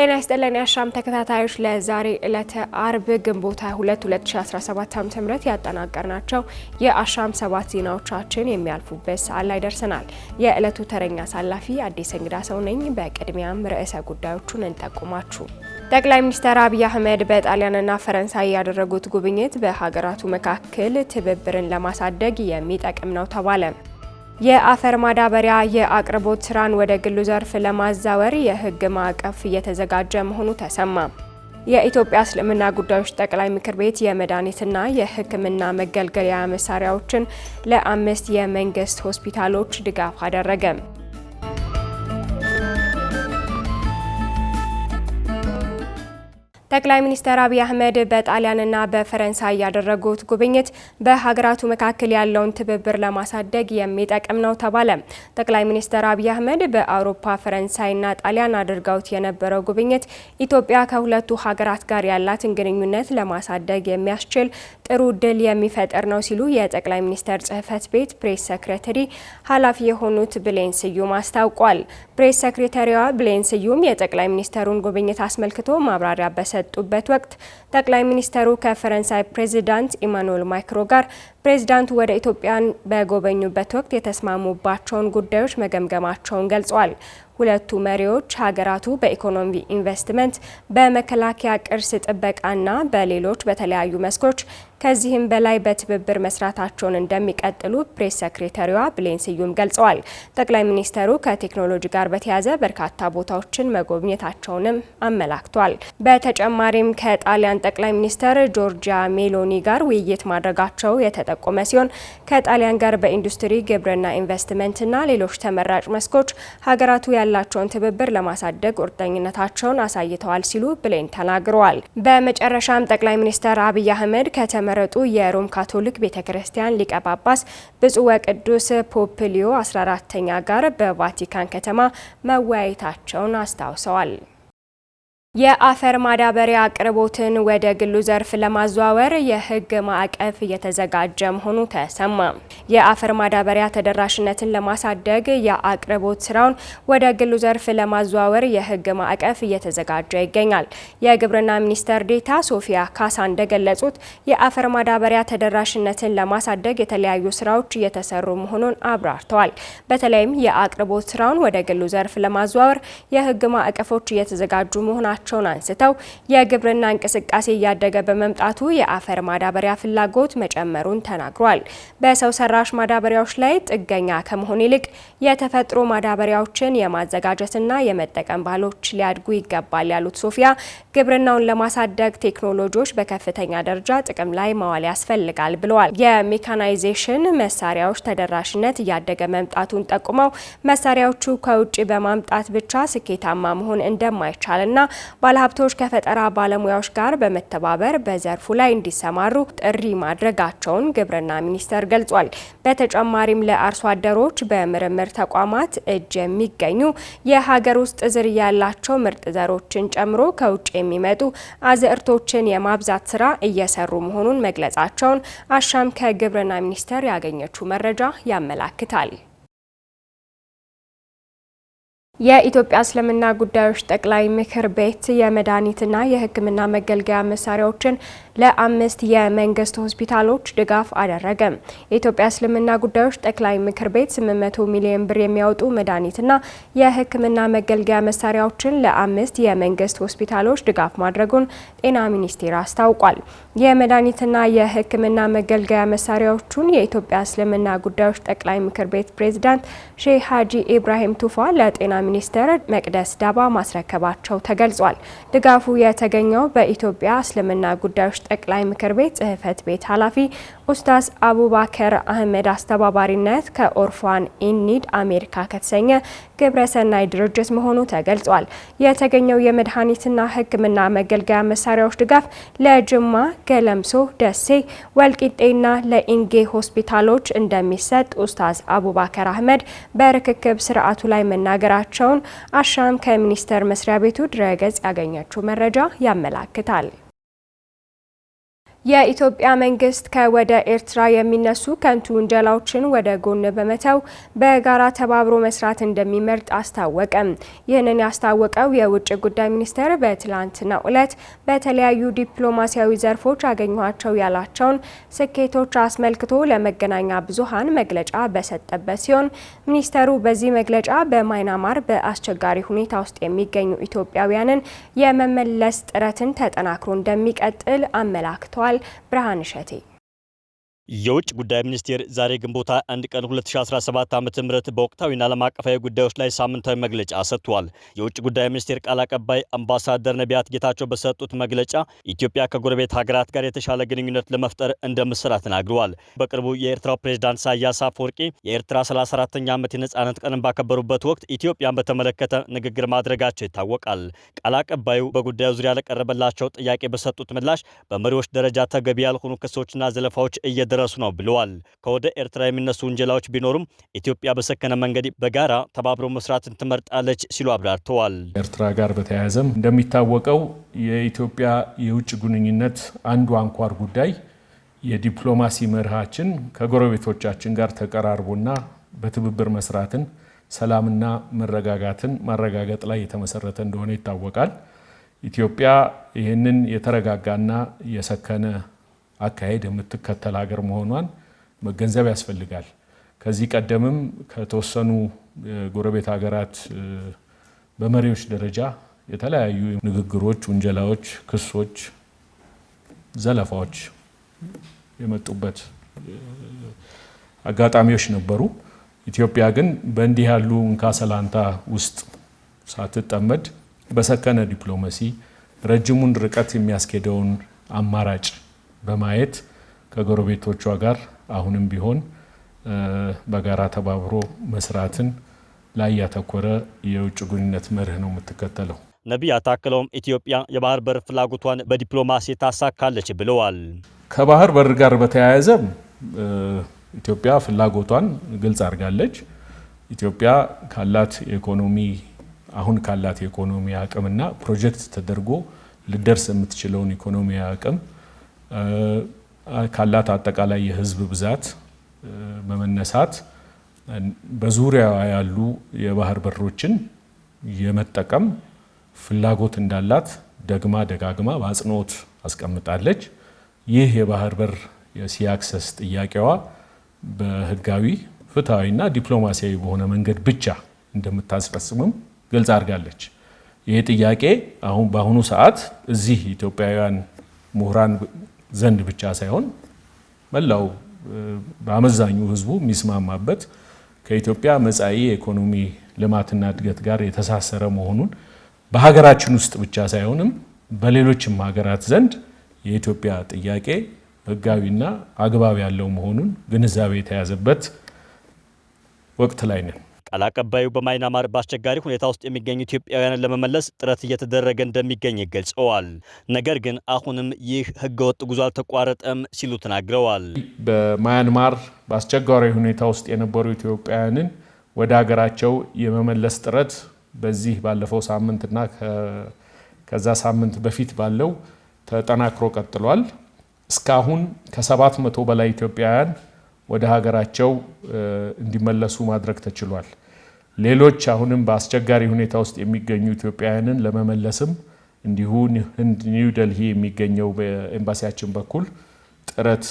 ጤና ይስጥልን የአሻም ተከታታዮች ለዛሬ ዕለተ አርብ ግንቦት 22 2017 ያጠናቀር ያጠናቀርናቸው የአሻም ሰባት ዜናዎቻችን የሚያልፉበት ሰዓት ላይ ደርሰናል። የዕለቱ ተረኛ አሳላፊ አዲስ እንግዳ ሰው ነኝ። በቅድሚያም ርዕሰ ጉዳዮቹን እንጠቁማችሁ። ጠቅላይ ሚኒስትር አብይ አህመድ በጣሊያንና ፈረንሳይ ያደረጉት ጉብኝት በሀገራቱ መካከል ትብብርን ለማሳደግ የሚጠቅም ነው ተባለ። የአፈር ማዳበሪያ የአቅርቦት ስራን ወደ ግሉ ዘርፍ ለማዛወር የህግ ማዕቀፍ እየተዘጋጀ መሆኑ ተሰማ። የኢትዮጵያ እስልምና ጉዳዮች ጠቅላይ ምክር ቤት የመድኃኒትና የሕክምና መገልገያ መሳሪያዎችን ለአምስት የመንግስት ሆስፒታሎች ድጋፍ አደረገ። ጠቅላይ ሚኒስትር አብይ አህመድ በጣሊያንና በፈረንሳይ ያደረጉት ጉብኝት በሀገራቱ መካከል ያለውን ትብብር ለማሳደግ የሚጠቅም ነው ተባለ። ጠቅላይ ሚኒስትር አብይ አህመድ በአውሮፓ ፈረንሳይና ጣሊያን አድርገውት የነበረው ጉብኝት ኢትዮጵያ ከሁለቱ ሀገራት ጋር ያላትን ግንኙነት ለማሳደግ የሚያስችል ጥሩ እድል የሚፈጥር ነው ሲሉ የጠቅላይ ሚኒስትር ጽህፈት ቤት ፕሬስ ሰክሬተሪ ኃላፊ የሆኑት ብሌን ስዩም አስታውቋል። ፕሬስ ሰክሬተሪዋ ብሌን ስዩም የጠቅላይ ሚኒስትሩን ጉብኝት አስመልክቶ ማብራሪያ በሰ በሰጡበት ወቅት ጠቅላይ ሚኒስተሩ ከፈረንሳይ ፕሬዚዳንት ኢማኑኤል ማክሮን ጋር ፕሬዚዳንቱ ወደ ኢትዮጵያን በጎበኙበት ወቅት የተስማሙባቸውን ጉዳዮች መገምገማቸውን ገልጿል። ሁለቱ መሪዎች ሀገራቱ በኢኮኖሚ ኢንቨስትመንት፣ በመከላከያ ቅርስ ጥበቃና በሌሎች በተለያዩ መስኮች ከዚህም በላይ በትብብር መስራታቸውን እንደሚቀጥሉ ፕሬስ ሰክሬታሪዋ ብሌን ስዩም ገልጸዋል። ጠቅላይ ሚኒስተሩ ከቴክኖሎጂ ጋር በተያያዘ በርካታ ቦታዎችን መጎብኘታቸውንም አመላክቷል። በተጨማሪም ከጣሊያን ጠቅላይ ሚኒስተር ጆርጂያ ሜሎኒ ጋር ውይይት ማድረጋቸው የተጠ የጠቆመ ሲሆን ከጣሊያን ጋር በኢንዱስትሪ ግብርና፣ ኢንቨስትመንትና ሌሎች ተመራጭ መስኮች ሀገራቱ ያላቸውን ትብብር ለማሳደግ ቁርጠኝነታቸውን አሳይተዋል ሲሉ ብሌን ተናግረዋል። በመጨረሻም ጠቅላይ ሚኒስትር አብይ አህመድ ከተመረጡ የሮም ካቶሊክ ቤተ ክርስቲያን ሊቀ ጳጳስ ብፁዕ ወቅዱስ ፖፕ ሊዮ 14ተኛ ጋር በቫቲካን ከተማ መወያየታቸውን አስታውሰዋል። የአፈር ማዳበሪያ አቅርቦትን ወደ ግሉ ዘርፍ ለማዘዋወር የሕግ ማዕቀፍ እየተዘጋጀ መሆኑ ተሰማ። የአፈር ማዳበሪያ ተደራሽነትን ለማሳደግ የአቅርቦት ስራውን ወደ ግሉ ዘርፍ ለማዘዋወር የሕግ ማዕቀፍ እየተዘጋጀ ይገኛል። የግብርና ሚኒስቴር ዴታ ሶፊያ ካሳ እንደገለጹት የአፈር ማዳበሪያ ተደራሽነትን ለማሳደግ የተለያዩ ስራዎች እየተሰሩ መሆኑን አብራርተዋል። በተለይም የአቅርቦት ስራውን ወደ ግሉ ዘርፍ ለማዘዋወር የሕግ ማዕቀፎች እየተዘጋጁ መሆናቸው መሆናቸውን አንስተው የግብርና እንቅስቃሴ እያደገ በመምጣቱ የአፈር ማዳበሪያ ፍላጎት መጨመሩን ተናግሯል። በሰው ሰራሽ ማዳበሪያዎች ላይ ጥገኛ ከመሆን ይልቅ የተፈጥሮ ማዳበሪያዎችን የማዘጋጀትና የመጠቀም ባህሎች ሊያድጉ ይገባል ያሉት ሶፊያ ግብርናውን ለማሳደግ ቴክኖሎጂዎች በከፍተኛ ደረጃ ጥቅም ላይ ማዋል ያስፈልጋል ብለዋል። የሜካናይዜሽን መሳሪያዎች ተደራሽነት እያደገ መምጣቱን ጠቁመው መሳሪያዎቹ ከውጭ በማምጣት ብቻ ስኬታማ መሆን እንደማይቻልና ባለሀብቶች ከፈጠራ ባለሙያዎች ጋር በመተባበር በዘርፉ ላይ እንዲሰማሩ ጥሪ ማድረጋቸውን ግብርና ሚኒስቴር ገልጿል። በተጨማሪም ለአርሶ አደሮች በምርምር ተቋማት እጅ የሚገኙ የሀገር ውስጥ ዝርያ ያላቸው ምርጥ ዘሮችን ጨምሮ ከውጭ የሚመጡ አዝእርቶችን የማብዛት ስራ እየሰሩ መሆኑን መግለጻቸውን አሻም ከግብርና ሚኒስቴር ያገኘችው መረጃ ያመላክታል። የኢትዮጵያ እስልምና ጉዳዮች ጠቅላይ ምክር ቤት የመድኃኒትና የሕክምና መገልገያ መሳሪያዎችን ለአምስት የመንግስት ሆስፒታሎች ድጋፍ አደረገ። የኢትዮጵያ እስልምና ጉዳዮች ጠቅላይ ምክር ቤት 800 ሚሊዮን ብር የሚያወጡ መድኃኒትና የሕክምና መገልገያ መሳሪያዎችን ለአምስት የመንግስት ሆስፒታሎች ድጋፍ ማድረጉን ጤና ሚኒስቴር አስታውቋል። የመድኃኒትና የሕክምና መገልገያ መሳሪያዎቹን የኢትዮጵያ እስልምና ጉዳዮች ጠቅላይ ምክር ቤት ፕሬዝዳንት ሼህ ሀጂ ኢብራሂም ቱፋ ለጤና ሚኒስቴር መቅደስ ዳባ ማስረከባቸው ተገልጿል። ድጋፉ የተገኘው በኢትዮጵያ እስልምና ጉዳዮች ጠቅላይ ምክር ቤት ጽህፈት ቤት ኃላፊ ኡስታዝ አቡባከር አህመድ አስተባባሪነት ከኦርፋን ኢኒድ አሜሪካ ከተሰኘ ግብረሰናይ ድርጅት መሆኑ ተገልጿል። የተገኘው የመድኃኒትና ሕክምና መገልገያ መሳሪያዎች ድጋፍ ለጅማ፣ ገለምሶ፣ ደሴ፣ ወልቂጤና ለኢንጌ ሆስፒታሎች እንደሚሰጥ ኡስታዝ አቡባከር አህመድ በርክክብ ስርዓቱ ላይ መናገራቸውን አሻም ከሚኒስቴር መስሪያ ቤቱ ድረገጽ ያገኘችው መረጃ ያመላክታል። የኢትዮጵያ መንግስት ከወደ ኤርትራ የሚነሱ ከንቱ ውንጀላዎችን ወደ ጎን በመተው በጋራ ተባብሮ መስራት እንደሚመርጥ አስታወቀም። ይህንን ያስታወቀው የውጭ ጉዳይ ሚኒስቴር በትላንትናው ዕለት በተለያዩ ዲፕሎማሲያዊ ዘርፎች አገኘኋቸው ያላቸውን ስኬቶች አስመልክቶ ለመገናኛ ብዙሃን መግለጫ በሰጠበት ሲሆን ሚኒስቴሩ በዚህ መግለጫ በማይናማር በአስቸጋሪ ሁኔታ ውስጥ የሚገኙ ኢትዮጵያውያንን የመመለስ ጥረትን ተጠናክሮ እንደሚቀጥል አመላክተዋል። الجبال برهان የውጭ ጉዳይ ሚኒስቴር ዛሬ ግንቦት 1 ቀን 2017 ዓ.ም በወቅታዊና ዓለም አቀፋዊ ጉዳዮች ላይ ሳምንታዊ መግለጫ ሰጥቷል። የውጭ ጉዳይ ሚኒስቴር ቃል አቀባይ አምባሳደር ነቢያት ጌታቸው በሰጡት መግለጫ ኢትዮጵያ ከጎረቤት ሀገራት ጋር የተሻለ ግንኙነት ለመፍጠር እንደምትሰራ ተናግረዋል። በቅርቡ የኤርትራው ፕሬዝዳንት ኢሳያስ አፈወርቂ የኤርትራ 34ኛ ዓመት የነጻነት ቀንን ባከበሩበት ወቅት ኢትዮጵያን በተመለከተ ንግግር ማድረጋቸው ይታወቃል። ቃል አቀባዩ በጉዳዩ ዙሪያ ለቀረበላቸው ጥያቄ በሰጡት ምላሽ በመሪዎች ደረጃ ተገቢ ያልሆኑ ክሶችና ዘለፋዎች እየደ እየደረሱ ነው ብለዋል። ከወደ ኤርትራ የሚነሱ ውንጀላዎች ቢኖሩም ኢትዮጵያ በሰከነ መንገድ በጋራ ተባብሮ መስራትን ትመርጣለች ሲሉ አብራርተዋል። ኤርትራ ጋር በተያያዘም እንደሚታወቀው የኢትዮጵያ የውጭ ግንኙነት አንዱ አንኳር ጉዳይ የዲፕሎማሲ መርሃችን ከጎረቤቶቻችን ጋር ተቀራርቦና በትብብር መስራትን ሰላምና መረጋጋትን ማረጋገጥ ላይ የተመሰረተ እንደሆነ ይታወቃል። ኢትዮጵያ ይህንን የተረጋጋና የሰከነ አካሄድ የምትከተል ሀገር መሆኗን መገንዘብ ያስፈልጋል። ከዚህ ቀደምም ከተወሰኑ ጎረቤት ሀገራት በመሪዎች ደረጃ የተለያዩ ንግግሮች፣ ውንጀላዎች፣ ክሶች፣ ዘለፋዎች የመጡበት አጋጣሚዎች ነበሩ። ኢትዮጵያ ግን በእንዲህ ያሉ እንካ ሰላንታ ውስጥ ሳትጠመድ በሰከነ ዲፕሎማሲ ረጅሙን ርቀት የሚያስኬደውን አማራጭ በማየት ከጎረቤቶቿ ጋር አሁንም ቢሆን በጋራ ተባብሮ መስራትን ላይ ያተኮረ የውጭ ግንኙነት መርህ ነው የምትከተለው። ነቢይ አታክለውም ኢትዮጵያ የባህር በር ፍላጎቷን በዲፕሎማሲ ታሳካለች ብለዋል። ከባህር በር ጋር በተያያዘ ኢትዮጵያ ፍላጎቷን ግልጽ አድርጋለች። ኢትዮጵያ ካላት የኢኮኖሚ አሁን ካላት የኢኮኖሚ አቅምና ፕሮጀክት ተደርጎ ልደርስ የምትችለውን ኢኮኖሚ አቅም ካላት አጠቃላይ የህዝብ ብዛት በመነሳት በዙሪያ ያሉ የባህር በሮችን የመጠቀም ፍላጎት እንዳላት ደግማ ደጋግማ በአጽንኦት አስቀምጣለች። ይህ የባህር በር የሲያክሰስ ጥያቄዋ በህጋዊ ፍትሐዊና ዲፕሎማሲያዊ በሆነ መንገድ ብቻ እንደምታስፈጽምም ግልጽ አድርጋለች። ይህ ጥያቄ አሁን በአሁኑ ሰዓት እዚህ ኢትዮጵያውያን ምሁራን ዘንድ ብቻ ሳይሆን መላው በአመዛኙ ህዝቡ የሚስማማበት ከኢትዮጵያ መጻኢ የኢኮኖሚ ልማትና እድገት ጋር የተሳሰረ መሆኑን በሀገራችን ውስጥ ብቻ ሳይሆንም በሌሎችም ሀገራት ዘንድ የኢትዮጵያ ጥያቄ ህጋዊና አግባብ ያለው መሆኑን ግንዛቤ የተያዘበት ወቅት ላይ ነን። ቃል አቀባዩ በማይናማር በአስቸጋሪ ሁኔታ ውስጥ የሚገኙ ኢትዮጵያውያንን ለመመለስ ጥረት እየተደረገ እንደሚገኝ ገልጸዋል። ነገር ግን አሁንም ይህ ህገወጥ ጉዞ አልተቋረጠም ሲሉ ተናግረዋል። በማያንማር በአስቸጋሪ ሁኔታ ውስጥ የነበሩ ኢትዮጵያውያንን ወደ ሀገራቸው የመመለስ ጥረት በዚህ ባለፈው ሳምንትና ከዛ ሳምንት በፊት ባለው ተጠናክሮ ቀጥሏል። እስካሁን ከሰባት መቶ በላይ ኢትዮጵያውያን ወደ ሀገራቸው እንዲመለሱ ማድረግ ተችሏል። ሌሎች አሁንም በአስቸጋሪ ሁኔታ ውስጥ የሚገኙ ኢትዮጵያውያንን ለመመለስም እንዲሁ ኒው ደልሂ የሚገኘው በኤምባሲያችን በኩል ጥረት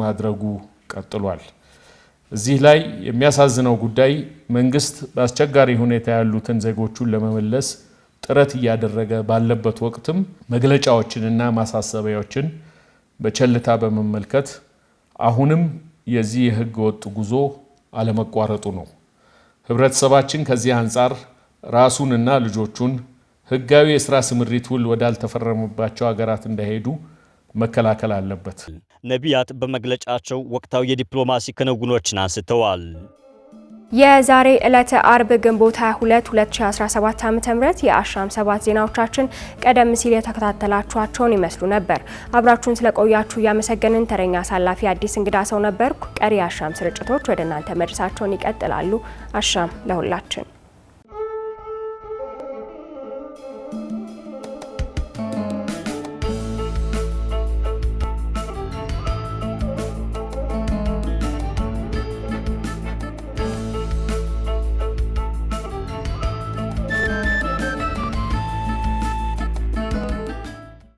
ማድረጉ ቀጥሏል። እዚህ ላይ የሚያሳዝነው ጉዳይ መንግስት በአስቸጋሪ ሁኔታ ያሉትን ዜጎቹን ለመመለስ ጥረት እያደረገ ባለበት ወቅትም መግለጫዎችንና ማሳሰቢያዎችን በቸልታ በመመልከት አሁንም የዚህ የህገ ወጥ ጉዞ አለመቋረጡ ነው። ህብረተሰባችን ከዚህ አንጻር ራሱንና ልጆቹን ህጋዊ የስራ ስምሪት ውል ወዳልተፈረሙባቸው ሀገራት እንዳይሄዱ መከላከል አለበት። ነቢያት በመግለጫቸው ወቅታዊ የዲፕሎማሲ ክንውኖችን አንስተዋል። የዛሬ ዕለተ አርብ ግንቦት 22 2017 ዓ.ም የአሻም ሰባት ዜናዎቻችን ቀደም ሲል የተከታተላችኋቸውን ይመስሉ ነበር። አብራችሁን ስለቆያችሁ እያመሰገንን ተረኛ አሳላፊ አዲስ እንግዳ ሰው ነበርኩ። ቀሪ የአሻም ስርጭቶች ወደ እናንተ መድረሳቸውን ይቀጥላሉ። አሻም ለሁላችን!